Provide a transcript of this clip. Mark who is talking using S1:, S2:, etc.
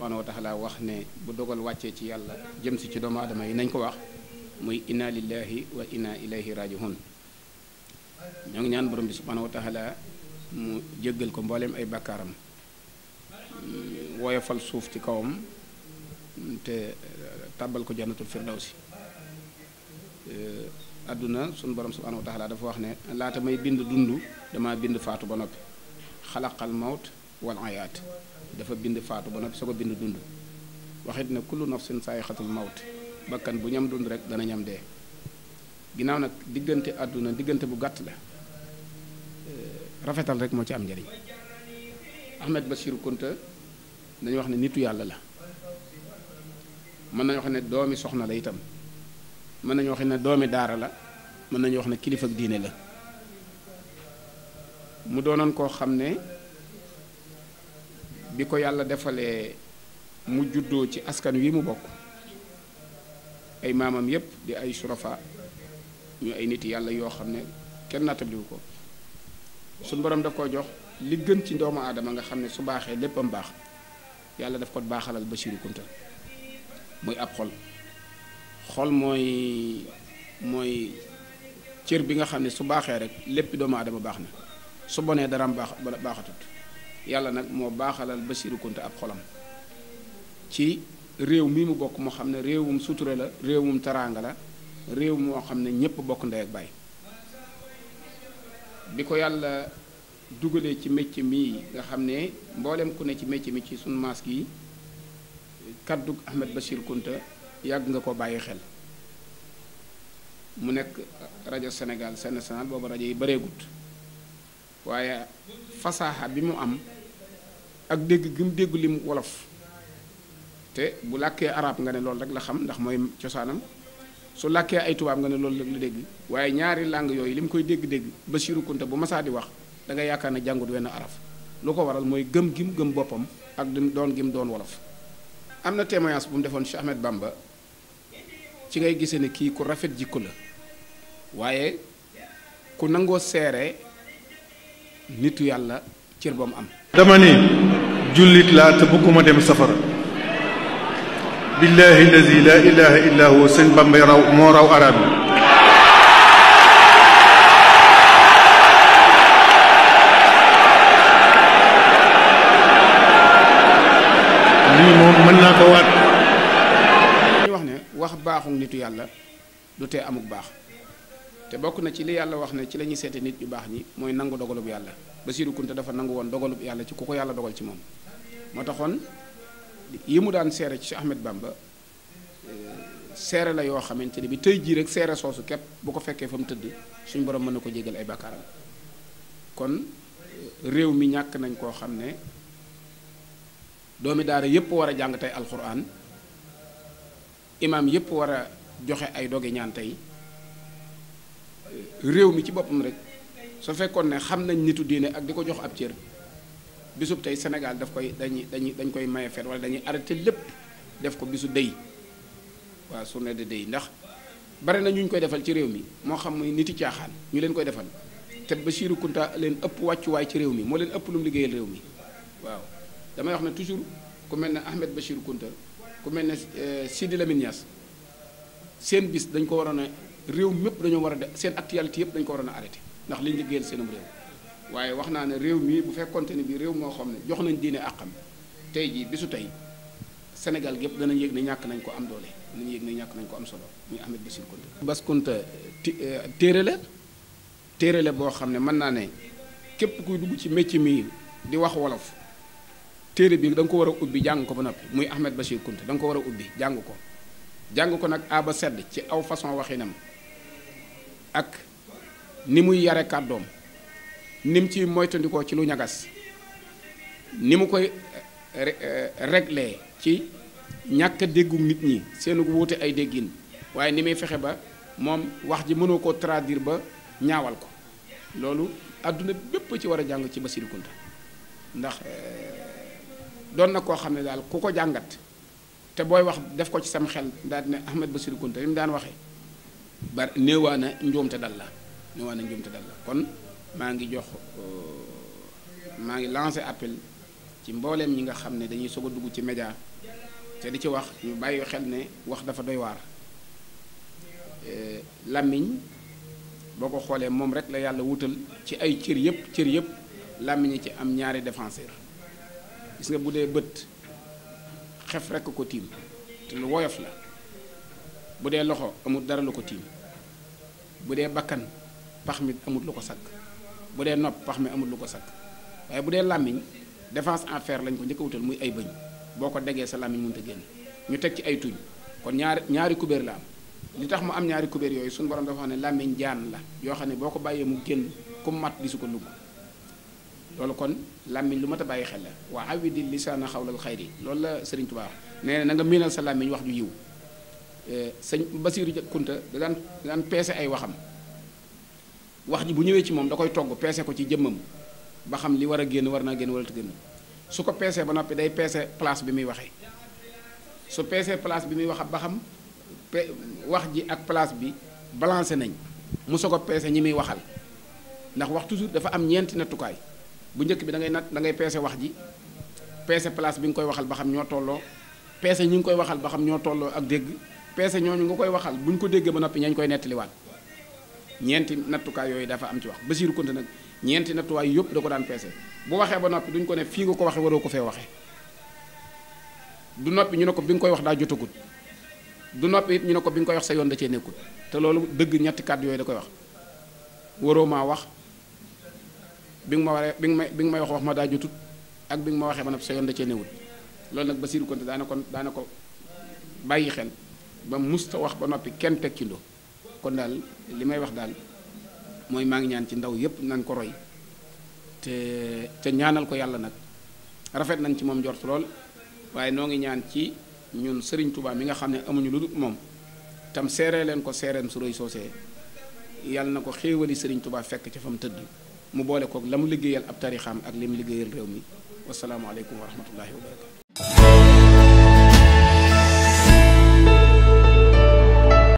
S1: subhaanahu wa taala wax ne bu dogal wàccee ci yàlla jëm si ci doomu aadama yi nañ ko wax muy inna lillahi wa inna ilayhi raji'un ñoo ngi ñaan borom bi subhaanahu wa taala mu jéggal ko mbooleem ay bakkaaram woyofal suuf ci kawam te tàbbal ko jannatul firdawsi àdduna sunu borom subhaanahu wa taala dafa wax ne laata may bind dund dama bind faatu ba noppi xalaqal mawt wal ayaat dafa bind faatu ba noppi soo ko bind dund waxit na kullu nafsin saayixatul mawt bakkan bu ñam dund rek dana ñam dee ginnaaw nag diggante àdduna diggante bu gàtt la euh, rafetal rek moo ci am njariñ Ahmed Bachir Kounta dañu wax ne nitu yàlla la mën nañu wax ne doomi soxna la itam mën nañu wax ne doomi daara la mën nañu wax ne kilifa diine la mu doonoon koo xam ne bi ko yàlla defalee mu juddoo ci askan wi mu bokk ay maamam yépp di ay surafa ñu ay nit yàlla yoo xam ne kenn nattabliwu ko suñ borom daf koo jox li gën ci doomu aadama nga xam ne su baaxee léppam baax yàlla def ko baaxalal Basiiru Kunta muy ab xol xol mooy mooy cër bi nga xam ne su baaxee rek lépp doomu aadama baax na su bonee mu baax baaxatut yàlla nag moo baaxalal Basiiru Kunta ab xolam ci réew mi mu bokk moo xam ne réew réewum suture la réewum taraanga la réew moo xam ne ñépp bokk ndey ak baay bi ko yàlla dugalee ci mécc mi nga xam ne mboolem ku ne ci mécc mi ci sun maas gi kàddug Ahmed Bachir Kunta yàgg nga ko bàyyi xel mu nekk rajo Sénégal Sénégal booba rajo yi bareegut waaye fasaaxa bi mu am ak dégg gi mu dégg mu wolof te bu làkkee arab nga ne loolu rek la xam ndax mooy cosaanam su làkkee ay tubaab nga ne loolu rek la dégg waaye ñaari langue yooyu li mu koy dégg-dégg ba Basiiru Kunta bu masaa di wax da yaakaar ne jàngut wenn araf lu ko waral mooy gëm gim gëm boppam ak doon gim doon wolof am na témoignage bu mu defoon Cheikh Ahmed Bamba ci ngay gisee ne kii ku rafet jikko la waaye ku nangoo seere nitu yàlla cër ba dama ni jullit laa te bëgguma dem safara. billahi allazi la huwa sëñ Bamba raw moo raw arab yi. lii moom mën naa ko waat. ñu wax ne wax baaxul nitu yàlla du tee amuk baax. te bokk na ci li yàlla wax ne ci lañuy ñuy seete nit ñu baax ñi mooy nangu dogalub yàlla Basiiru Kunta dafa nangu woon dogalub yàlla ci ku ko yàlla dogal ci moom moo taxoon yi mu daan seere ci Ahmed Bamba eh, seere la yoo xamante ne bi tey jii rek seere soosu képp bu ko fekkee fa mu tëdd suñu borom mën na ko jégal ay bakkaaram kon eh, réew mi ñàkk nañ koo xam ne doomi daara yépp war a jàng tey alxuraan imaam yépp war a joxe ay doge ñaan tey réew mi ci boppam rek su fekkoon ne xam nañ nitu diine ak di ko jox ab cër bisub tey senegal daf koy dañuy dañuy dañ koy maye feet wala dañuy arrêté lépp def ko bisu dëy waaw journée de dëy ndax bari na ñu ñu koy defal ci réew mi moo xam muy niti caaxaan ñu leen koy defal te Basiiru Kunta leen ëpp wàccuwaay ci réew mi moo leen ëpp lu mu liggéeyal réew mi waaw damay wax ne toujours ku mel ne Ahmed Bachir Kunta ku mel ne euh, Sidi Lamine Niass seen bis dañ ko waroon réew mépp dañoo war a def seen actualité yëpp dañu ko waroon a arrêté ndax liñ liggéeyal waaye wax naa ne réew mii bu fekkonte ne bi réew moo xam ne jox nañ diine àqam tey jii bisu tey Sénégal gépp danañ yëg ne ñàkk nañ ko am doole danañ yëg ne ñàkk nañ ko am solo ñu Ahmed Basiir Kounta Bass Kounta euh, téere la téere boo xam ne mën naa ne képp kuy ci métier mi di wax wolof téere bi da ko war a ubbi jàng ko ba noppi muy Ahmed Basiir Kounta da nga ko war a ubbi jàng ko jàng ko nag aba sedd ci aw façon waxinam ak ni muy yare kàddoom ni mu ci moytandikoo ci lu ñagas ni mu koy eh, régler eh, ci ñàkk déggum nit ñi seenu wuute ay déggin waaye ni muy fexe ba moom wax ji mënoo ko traduire ba ñaawal ko loolu àdduna bépp ci war a jàng ci Basiru Kunta ndax eh, doon na koo xam ne daal ku ko jàngat te booy wax def ko ci sam xel daal dina Ahmed Basiru Kunta li mu daan waxe ba néewaana njuumte dal la néewaana njuumte dal la kon maa ngi jox euh, maa ngi lancé appel ci mbooleem ñi nga xam ne dañuy soog a dugg ci média te di ci wax ñu bàyyi xel ne wax dafa doy waar euh, làmmiñ boo ko xoolee moom rek la yàlla wutal ci ay cër yëpp cër yëpp làmmiñ ci am ñaari défenseur gis nga bu dee bët xef rekk ko tiim te lu woyof la bu dee loxo amul dara lu ko tiim bu dee bakkan pax mi amul lu ko sakk bu dee nopp pax mi amul lu ko sakk waaye bu dee làmmiñ défense en fer lañ ko njëkk wutal muy ay bëñ boo ko degee sa làmmiñ mënut a génn ñu teg ci ay tuñ kon ñaari ñaari kubéer la am li tax mu am ñaari kubéer yooyu suñu borom dafa xam ne làmmiñ jaan la yoo xam ne boo ko bàyyee mu génn ku mat di su ko lugg loolu kon làmmiñ lu mat a bàyyi xel la waa awidi lisaana xawlal xayri loolu la Sëriñ Tuubaa nee na nga miinal sa làmmiñ wax ju yiw Eh, sëñ Basiiru Kunta da daan da daan peese ay waxam wax ji bu ñëwee ci moom da koy togg peese ko ci jëmmam ba xam li war a génn war naa génn wala te génn su ko peesee ba noppi day peese place bi muy waxee su peesee place bi muy wax ba xam wax ji ak place bi balancé nañ mu soog a peese ñi muy waxal ndax wax toujours dafa am ñeenti nattukaay bu njëkk bi da ngay da ngay peese wax ji peese place bi koy waxal ba xam ñoo tolloo peese ñi nga koy waxal ba xam ñoo tolloo ak dégg peese ñooñu nga koy waxal bu ñu ko déggee ba noppi ñañ koy nettaliwaat ñeenti nattukaay yooyu dafa am ci wax Basiiru Kunta nag ñeenti nattuwaay yëpp da ko daan peese bu waxee ba noppi duñ ko ne fii nga ko waxe waroo ko fee waxe noppi ñu ne ko bi nga koy wax daa jotagut noppi ñu ne ko bi nga koy wax sa yoon da cee nekkut te loolu dëgg ñetti kàddu yooyu da koy wax waroo maa wax bi nga ma waree bi nga ma bi nga may wax ma daa jotut ak bi waxee ma ne sa yoon da cee newut loolu nag Basiiru Kunta daana ko daana ko bàyyi xel ba musta wax ba noppi kenn teg ci ndoo kon daal li may wax daal mooy maa ngi ñaan ci ndaw yépp nañ ko roy te te ñaanal ko yàlla nag rafet nañ ci moom njort lool waaye noo ngi ñaan ci ñun sëriñ Touba mi nga xam ne amuñu lu moom tam seeree leen ko seereen su rëy soosee yàlla na ko xéewali sëriñ Touba fekk ca fa mu tëdd mu boole kook la mu liggéeyal ab tarixaam ak li mu liggéeyal réew mi wasalaamualeykum wa rahmatullahi wa barakatu